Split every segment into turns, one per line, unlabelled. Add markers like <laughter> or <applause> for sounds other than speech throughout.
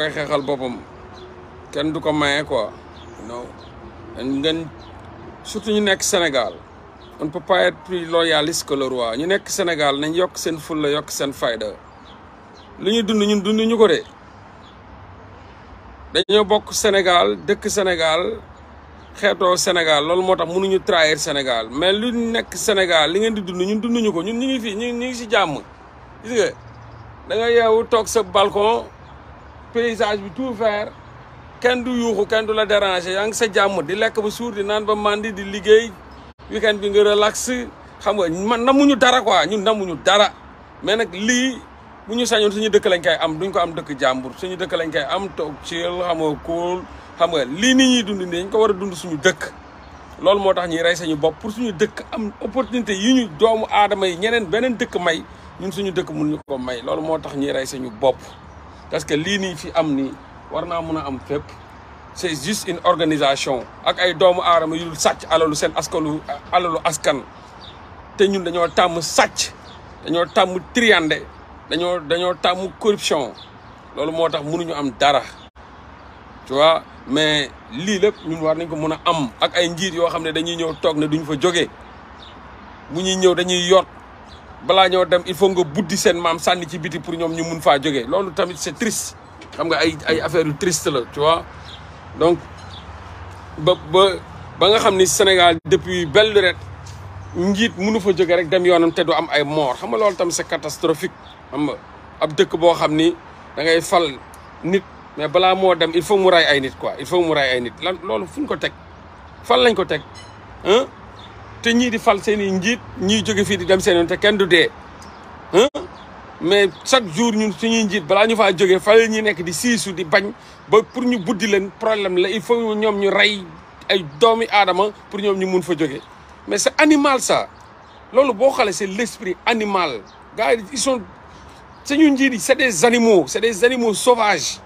koy xeexal boppam kenn du ko maye quoi non ngeen surtout ñu nekk Sénégal on ne peut pas être plus loyaliste roi ñu nekk Sénégal nañ yokk seen fulla yokk seen fayda li ñuy dund ñun dund ñu ko de dañoo bokk Sénégal dëkk Sénégal xeetoo Sénégal loolu moo tax mënuñu trahir Sénégal mais lu nekk Sénégal li ngeen di dund ñun dunduñu ko ñun ñu ngi fi ñu ngi si jàmm gis nga da nga yeewu toog sa balcon paysage bi tout vert kenn du yuuxu kenn du la déranger yaa ngi sa jàmm di lekk ba suur di naan ba màndi di liggéey weekend bi nga relax xam nga man namuñu dara ko ñun namuñu dara mais nag lii bu ñu sañoon suñu dëkk lañ koy am duñ ko am dëkk jàmbur suñu dëkk lañ koy am toog chill xam nga cool xam nga lii ni ñuy dund nii dañ ko war a dund suñu dëkk loolu moo tax ñuy rey sañu bopp pour suñu dëkk am opportunité yi ñu doomu aadama yi ñeneen beneen dëkk may ñun suñu dëkk mun ñu ko may loolu moo tax ñuy rey sañu bopp parce que lii nii fi am nii war naa mun a am fépp c'est juste une organisation ak ay doomu aadama yu sàcc alalu seen askalu alalu askan te ñun dañoo tàmm sàcc dañoo tàmm triande dañoo dañoo tàmm corruption loolu moo tax mënuñu am dara tu mais lii lépp ñun war nañ ko mun a am ak ay njiit yoo xam ne dañuy ñëw toog ne duñ fa jógee mu ñuy ñëw dañuy yoot balaa ñëw dem il faut nga buddi seen maam sànni ci biti pour ñoom ñu mun faa jógee loolu tamit c'est triste xam nga ay ay affaire yu la tu vois donc ba ba nga xam ni Sénégal depuis belle lurette njiit mënu fa jóge rek dem yoonam te du am ay moor xam nga loolu tam c'est catastrophique am nga ab dëkk boo xam ni dangay ngay fal nit mais balaa moo dem il faut mu ray ay nit quoi il faut mu ay nit lan loolu fu ñu ko teg fan lañ ko teg te ñii di fal seen i njiit ñii jóge fii di dem seen yoon te kenn du dee mais chaque jour ñun suñuy njiit balaa ñu faa jógee fa la ñuy nekk di siisu di bañ ba pour ñu buddi leen problème la il faut ñoom ñu rey ay doomi aadama pour ñoom ñu mun fa jóge mais c'est animal ça loolu boo xoolee c'est l'esprit animal gars yi ils suñu njiit yi c'est des animaux c'est des animaux sauvages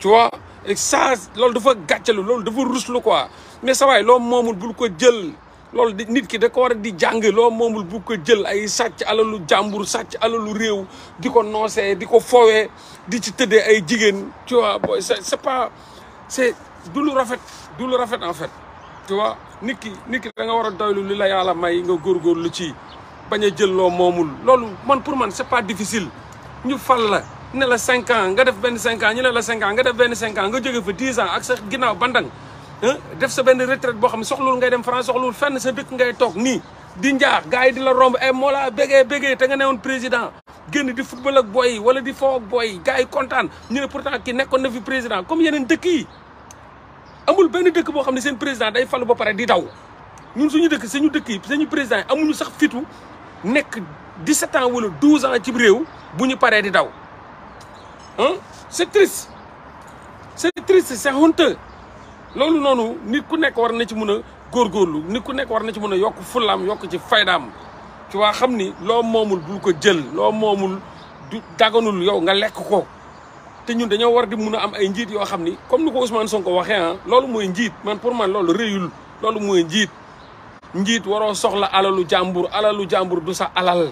tu vois et ça loolu dafa gàccalu loolu dafa ruslu quoi mais sa waay loo moomul bul ko jël loolu di nit ki da ko war a di jàng loo moomul bu ko jël ay sàcc alalu jàmbur sàcc alalu réew di ko noosee di ko foowee di ci tëddee ay jigéen tu vois booy c'est pas c'est du lu rafet du lu rafet en fait tu vois nit ki nit ki da nga war a doylu li la yàlla may nga lu ci bañ a jël loo moomul loolu man pour man c'est pas difficile ñu fal la ne la cinq ans nga def benn cinq ans ne la cinq ans nga def benn cinq ans nga jóge fa dix ans ak sa ginnaaw bandang def sa benn retraite boo xam ne soxlul ngay dem France soxlul fenn sa dëkk ngay toog nii di njaax gars yi di la romb ay eh, moo la bégee bégee te nga newoon président génn di football ak boy yi wala di foo ak boy yi gars yi kontaan ñu ne pourtant ki nekkoon na fi président comme yeneen dëkk yi amul benn dëkk boo xam ne seen président day falu ba pare di daw ñun suñu dëkk suñu dëkk yi suñu président yi amuñu sax fitu nekk 17 ans wala 12 ans ci réew bu ñu paree di daw ah c'est triste c'est triste c'est honteux loolu noonu nit ku nekk war na ci mun a góorgóorlu nit ku nekk war na ci mun a yokk fullaam yokk ci faydaam ci waa xam ni loo moomul bul ko jël loo moomul du daganul yow nga lekk ko te ñun dañoo war di mun a am ay njiit yoo xam ni comme ni ko Ousmane ko waxee ah loolu mooy njiit man pour man loolu réyul loolu mooy njiit njiit waroo soxla alalu jàmbur alalu jàmbur du sa alal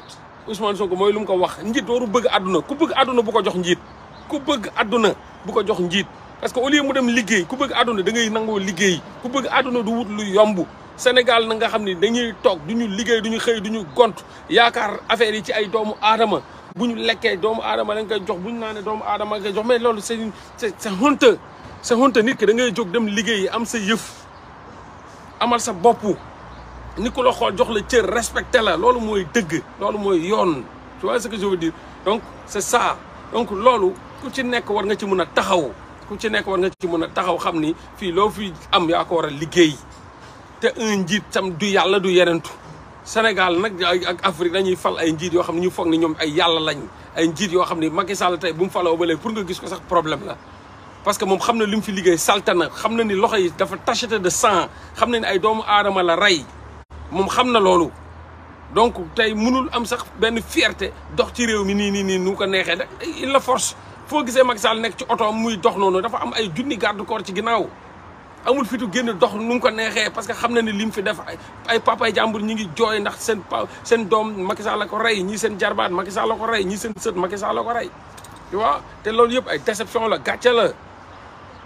Ousmane ko mooy lu ko wax njiit waru bëgg àdduna ku bëgg àdduna bu ko jox njiit ku bëgg àdduna bu ko jox njiit parce que au lieu mu dem liggéey ku bëgg àdduna da ngay nangoo liggéey ku bëgg àdduna du wut lu yomb Sénégal na nga xam ni dañuy toog du ñu liggéey du ñu xëy du ñu gont yaakaar affaire yi ci ay doomu aadama bu ñu lekkee doomu aadama lañ koy jox bu ñu naanee doomu aadama lañ koy jox mais loolu c'est c'est honteux c'est honteux nit ki dangay jóg dem liggéey am sa yëf amal sa bopp ni ku la xool jox la cër respecté la loolu mooy dëgg loolu mooy yoon tu vois ce que je donc c'est ça donc loolu ku ci nekk war nga ci mun a taxaw ku ci nekk war nga ci mën a taxaw xam ni fii loo fi am yaa ko war a liggéey te un njiit tam du yàlla du yenentu Sénégal nag ak Afrique dañuy fal ay njiit yoo xam ne ñu foog ni ñoom ay yàlla lañ ay njiit yoo xam ne Macky Sall tey bu mu faloo ba léegi pour nga gis ko sax problème la parce que moom xam na li mu fi liggéey salte na xam na ni loxo yi dafa tacheté de sang xam na ni ay doomu aadama la rey moom xam na loolu donc tey mënul am sax benn fierté dox ci réew mi nii nii nii nu ko neexee la force foo gisee Macky Sall nekk ci oto muy dox noonu dafa am ay junni garde corps ci ginnaaw amul fitu génn dox nu mu ko neexee parce que xam ne ni lim fi def ay papay jàmbur ñi ngi jooy ndax seen pa seen doom Macky Sall la ko rey ñii seen jarbaat Macky Sall la ko rey ñii seen sët Macky la ko rey tu te loolu yëpp ay déception la gàcce la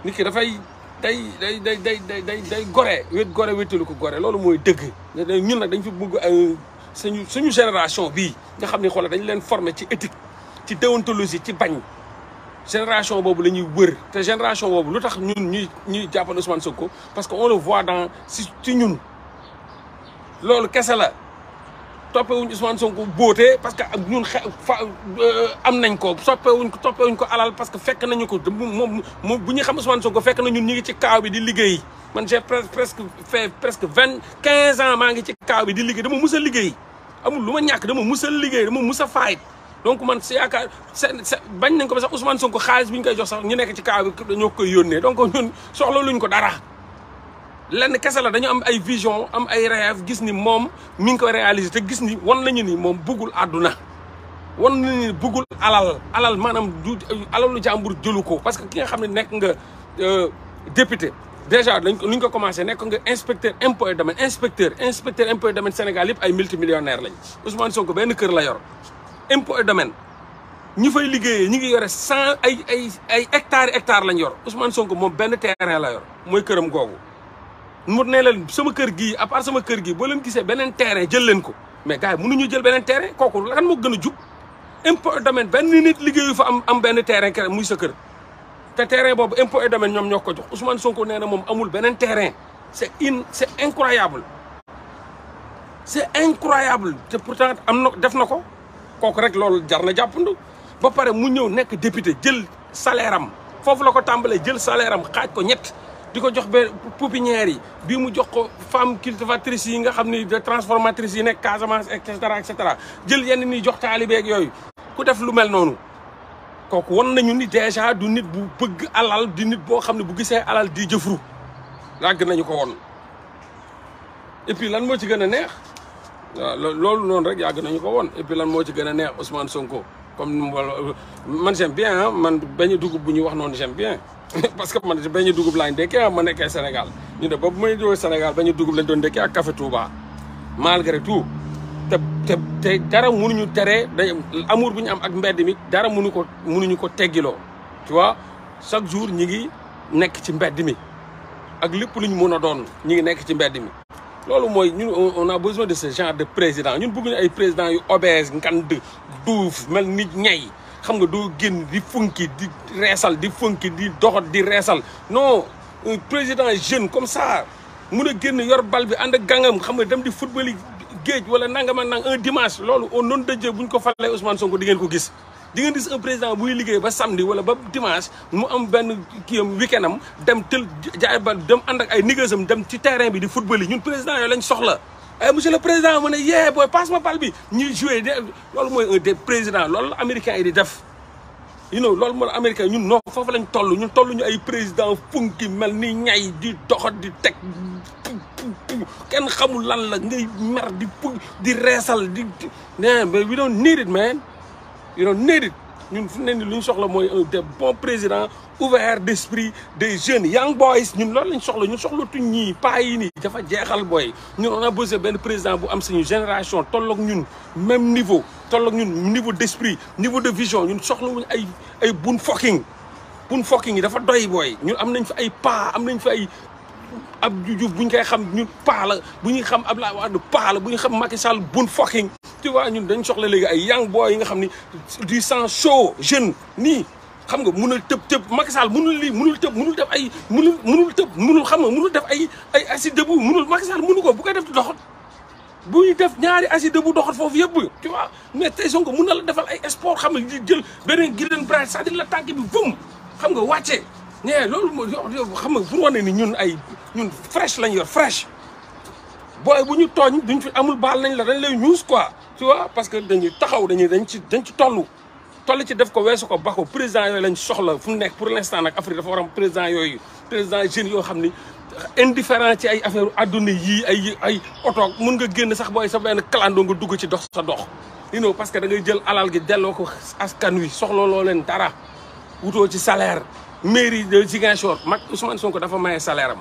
nit ki dafay day day day day day day gore wét gore wéttalu ko gore loolu mooy dëgg ñun nag dañ fi bugg ay euh, suñu suñu génération bi nga xam ne xoolal dañ leen former ci éthique ci déontologie ci bañ génération boobu la ñuy wër te génération boobu lu tax ñun ñuy ñuy jàppale Ousmane ko parce que on le voit dans si ci ñun loolu kese la toppewuñ Ousmane Sonko boote parce que ak ñun fa euh, am nañ ko toppewuñ ko ko alal parce que fekk nañu ko moom moom bu ñu xam Ousmane Sonko fekk na ñun ñu ngi ci kaaw bi di liggéey man j'ai presque fait presque vingt quinze ans maa ngi ci kaaw bi di liggéey dama mus a liggéey amul lu ma ñàkk dama mus a liggéey dama musa a faayit donc man si yaakaar bañ nañ ko ba sax Ousmane Sonko xaalis bi ñu koy jox sax ñu nekk ci kaaw bi ko koy yónnee donc ñun soxla luñ ko dara lenn kese la dañu am ay vision am ay rêve gis ni moom mi ngi ko réaliser te gis ni wan nañu ni moom buggul àdduna wan nañu buggul alal alal maanaam du alalu jàmbur jëlu ko parce que ki nga xam ne nekk nga euh, député déjà dañ ko ñu ko commencé nekk nga inspecteur impôt et domaine inspecteur inspecteur impôt et domaine Sénégal yëpp ay multimillionnaire lañ Ousmane Sonko benn kër la yor impôt et domaine ñu fay liggéeyee ñu ngi yore cent ay ay ay hectares hectares lañ yor Ousmane Sonko moom benn terrain la yor mooy këram googu. mu ne leen sama kër gii à part sama kër gi boo leen gisee beneen terrain jël leen ko mais gars yi ñu jël beneen terrain kooku lan moo gën a jub impôt et domaine benn nit liggéeyu fa am am benn terrain kër muy sa kër. te terrain boobu impôt et domaine ñoom ñoo ko jox Ousmane Sonko nee na moom amul beneen terrain c' est in c' est incroyable c' est incroyable te pourtant am na def na ko kooku rek loolu jar na jàppandu ba pare mu ñëw nekk député jël salaire foofu la ko tàmbalee jël salaire am xaaj ko ñett di ko jox benn pouponnière yi bii mu jox ko femme cultivatrice yi nga xam ni de transformatrice yi nekk Casamance et cetera et jël yenn nii jox taalibeeg yooyu ku def lu mel noonu kooku wan nañu ni déjà du nit bu bëgg alal di nit boo xam ne bu gisee alal di jëfru yàgg nañu ko won et lan moo ci gën a neex loolu noonu rek yàgg nañu ko woon et lan moo ci gën a neex Ousmane Sonko comme ni mu man j'aime bien man bañ dugub bu ñu wax noonu j'aime bien <laughs> parce que man bañ a dugub laa ndekkee ma nekkee Sénégal ñu ne boobu may jógee Sénégal bañ dugub lañ doon ndekkee ak café Touba malgré tout te te te dara munuñu teree day amour bu ñu am ak mbedd mi dara mënu ko mënuñu ko teggiloo tu vois chaque jour ñi ngi nekk ci mbedd mi ak lépp lu ñu mën a doon ñi ngi nekk ci mbedd mi loolu mooy ñun on a besoin de ce genre de président ñun bëgguñu ay président yu obèse ngand duuf mel ni ñay xam nga doo génn di funki di reesal di funki di doxat di reesal no président jeune comme ça mun a génn yor bal bi ànd ak gàngam xam nga dem di football géej wala nangama nang un dimanche loolu au nom de Dieu bu ñu ko falee Ousmane Sonko di ngeen ko gis di ngeen gis président buy liggéey ba samedi wala ba dimanche mu am benn kiyam weekend am dem tël jaay ba dem ànd ak ay nigasam dem ci terrain bi di football yi ñun président yooyu lañ soxla ay eh, monsieur le président mu ne yee booy passe bal bi ñuy joué loolu mooy un président loolu américain yi di def you know loolu mooy américain ñun noo foofu lañ toll ñun toll ñu ay président funki mel ni ñay di doxat di teg kenn xamul lan la ngay mer di pu di reesal di nee we don't need it you know need it ñun fu ne lu ñu soxla mooy un des président présidents ouvert d' esprit des jeunes young boys ñun loolu lañ soxla ñun tuñ ñii paa yi ni dafa jeexal booy ñun on a benn président bu am suñu génération tollook ñun même niveau tolloog ñun niveau d' esprit niveau de vision ñun soxlawuñ ay ay bun fokking bun fokking yi dafa doy booy ñun am nañ fi ay paa am nañ fi ay Abdou Diouf bu ñu koy xam ñun paa la bu ñuy xam Abdoulaye Wade paa la bu ñu xam Macky Sall bun tu waa ñun dañ soxla léegi ay young boy yi nga xam ni du sang chaud jeune nii xam nga munul tëb tëb Macky Sall munul lii munul tëb munul def ay munul munul tëb munul xam nga munul def ay ay assis debout munul Macky munu ko bu koy def di doxat buy def ñaari assis debout doxat foofu yëpp tu vois mais tey Sonko mun na la defal ay sport xam nga jël beneen giren bras cest à la tànk bi vum xam nga wàccee mais loolu mooy yow xam nga pour wane ni ñun ay ñun fresh lañu yor fresh booy bu ñu tooñ duñ fi amul baal nañ la dañ lay ñuus quoi tu parce que dañuy taxaw dañuy dañ ci dañ ci toll toll ci def ko weesu ko ba ko président yooyu lañ soxla fu mu nekk pour l' instant nag Afrique dafa war am président yooyu président jeunes yoo xam ni indifférent ci ay affaire àdduna yi ay ay oto mun nga génn sax booy sa benn kalandoo nga dugg ci dox sa dox ino parce que da ngay jël alal gi delloo ko askan wi soxla loo leen dara wutoo ci salaire mairie de Ziguinchor mag Ousmane Sonko dafa maye salaire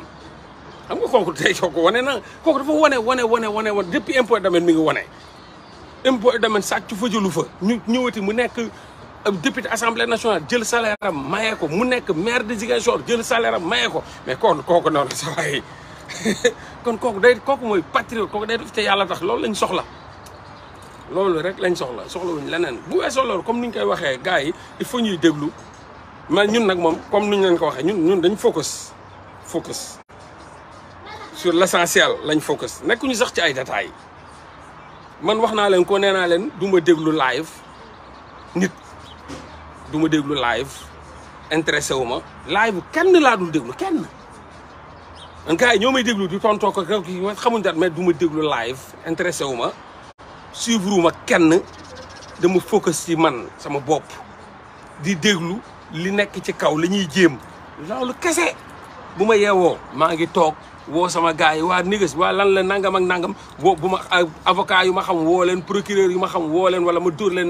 am xam kooku tey wane na kooku dafa wane wane wane wane depuis impôt domaine mi ngi wane impôt et domaine sàcc fa jëlu fa ñu ñëwati mu nekk euh, député assemblée nationale jël salaire am mayee ko mu nekk maire de Ziguinchor jël salaire am mayee ko mais kon kooku noonu sa waay <laughs> kon kooku day kooku mooy patriote kooku day def te yàlla tax loolu lañ soxla loolu rek lañ soxla soxla wuñ leneen bu weesoo loolu comme ni ñu koy waxee gars yi il faut ñuy déglu mais ñun nag moom comme ni lañ ko waxee ñun ñun dañ focus focus sur l' essentiel lañ focus nekkuñu sax ci ay détails man wax naa leen ko nee naa leen duma ma déglu live nit duma ma déglu live intéressé wu ma live kenn laa dul déglu kenn man gars yi ñoo may déglu di tontoo ko xamuñ dara mais duma ma déglu live intéressé wu ma suivre ma kenn dama focus si man sama bopp di déglu li nekk ci kaw li ñuy jéem loolu kese bu ma yeewoo maa ngi toog woo sama gars yi waa Niggas waa lan la nangam ak nangam woo bu ma avocat yu ma xam woo leen procureur yu ma xam woo leen wala ma dur leen